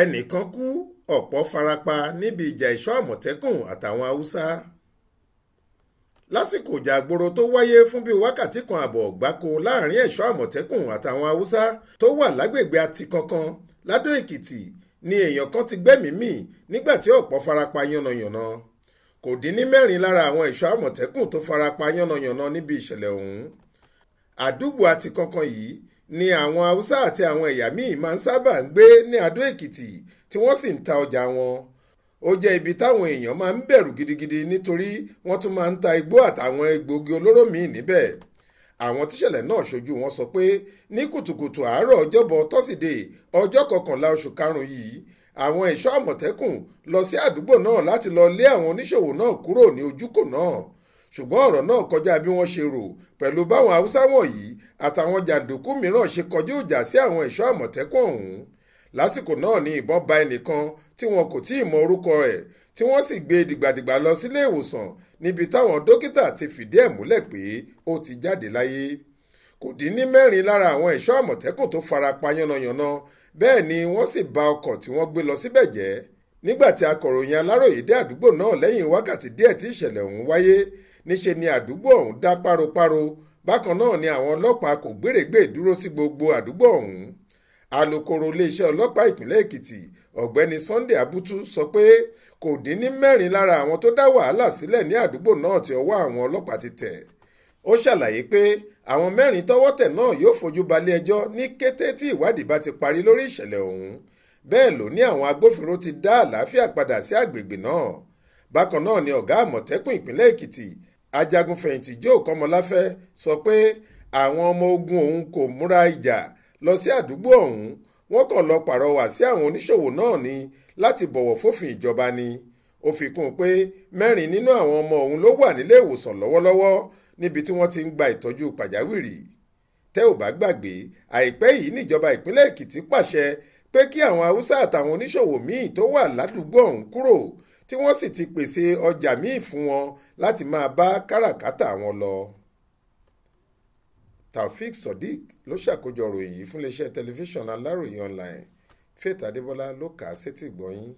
ẹnìkan kú ọ̀pọ̀ farapa níbi ìjà ìṣọ́ àmọ̀tẹ́kùn àtàwọn haúsá lásìkò ìjà àgboro tó wáyé fún bíi wákàtí kan àbọ̀ gbáko láàrin ẹ̀ṣọ́ àmọ̀tẹ́kùn àtàwọn haúsá tó wà lágbègbè Àtìkankan ládó èkìtì ni èèyàn kan ti gbẹ́mìí mì nígbà tí ọ̀pọ̀ farapa yánnayànna kò dín ní mẹ́rin lára àwọn ẹ̀ṣọ́ àmọ̀tẹ́kùn tó farapa yánnayànna níbi ìṣẹ̀lẹ̀ ọ̀hún àdúgbò Àtìkankan yìí ni àwọn haúsá àti àwọn ẹ̀yà míì máa ń sábà ń gbé ní adó-èkìtì tí wọ́n sì ń ta ọjà wọn ó jẹ́ ibi táwọn èèyàn máa ń bẹ̀rù gidigidi nítorí wọ́n tún máa ń ta igbó àtàwọn egbògi olóró míì níbẹ̀ àwọn tíṣẹ̀lẹ̀ náà ṣojú wọn sọ pé ní kùtùkùtù àárọ̀ ọjọ́bọ̀ tọ́sídẹ̀ẹ́ ọjọ́ kọkànlá oṣù karùn-ún yìí àwọn ẹ̀ṣọ́ àmọ̀tẹ́kùn lọ sí àdúgbò náà láti lọ lé àwọn oníṣòwò náà kúrò ní ojúkò náà ṣùgbọ́n ọ̀rọ̀ náà kọjá bí wọ́n ṣe rò pẹ̀lú báwọn haúsá wọ̀nyí àtàwọn jàǹdùkú mìíràn ṣe kọjú ìjà sí àwọn ẹ̀ṣọ́ àmọ̀tẹ́kùn ọ̀hún lásìkò náà ni ìbọn ba ẹnìkan tí wọn kò tí ì mọ orúkọ rẹ̀ tí wọ́n sì gbé e dìgbàdìgbà lọ sílé ìwòsàn níbi táwọn dókítà ti fìdí ẹ̀ múlẹ̀ pé ó ti jáde láyé kò dín ní mẹ́rin lára àwọn ẹ̀ṣọ́ àmọ̀tẹ́kùn tó fara pa yánnayànna bẹ́ẹ̀ ni wọ́n sì ba ọkọ̀ tí wọ́n gbé lọ síbẹ̀ jẹ́ nígbà tí akọ̀ròyìn aláròyé dé àdúgbò náà lẹ́yìn wákàtí díẹ̀ tí ìṣẹ̀lẹ̀ ọ̀hún wáyé níṣe ni àdúgbò ọ̀hún dá páropáro bákan náà ni àwọn ọlọ́pàá kò gbèrègbè dúró sí gbogbo àdúgbò ọ̀hún alukoro iléeṣẹ́ ọlọ́pàá ìpínlẹ̀ èkìtì ọ̀gbẹ́ni sunday abutu sọ pé kò dín ní mẹ́rin lára àwọn tó dá wàhálà sílẹ̀ ní àdúgbò náà tí ọwọ́ àwọn ọlọ́pàá ti tẹ̀ ó ṣàlàyé pé àwọn mẹ́rin tọ́wọ́ tẹ̀ náà yóò fojú balẹ̀-ẹjọ́ ní kété tí ìwádìí bá ti parí lórí ìṣẹ̀lẹ̀ ọ̀hún bẹ́ẹ̀ ló ní àwọn agbófinró ti dá àlàáfíà padà sí àgbègbè náà bákan náà ni ọ̀gá àmọ̀tẹ́kùn ìpínlẹ̀ èkìtì ajagunfẹ̀yìntì joe kọ́mọláfẹ́ sọ pé àwọn ọmọ ogun òun kò múra ìjà lọ sí àdúgbò ọ̀hún wọ́n kàn lọ pàrọwà sí àwọn oníṣòwò náà ni láti bọ̀wọ̀ fófin ìjọba ni ó fi kún un pé mẹ́rin nínú àwọn ọmọ òun ló wà nílé ìwòsàn lọ́wọ́lọ́wọ́ níbi tí wọ́n ti ń gba ìtọ́jú pàjáwìrì tẹ́ ò bá gbàgbé àìpẹ́ yìí níjọba ìpínlẹ̀ èkìtì pàṣẹ pé kí àwọn haúsá àtàwọn oníṣòwò míì tó wà ládùúgbò ọ̀hún kúrò tí wọ́n sì ti pèsè ọjà míì fún wọn láti máa bá káràkátà wọn lọ. Taofeek Surdiq ló ṣàkójọ ròyìn yìí fún iléeṣẹ́ tẹlifíṣàn Aláròye online Faith Adébọ́lá ló kà á sétí gbọ́yìn.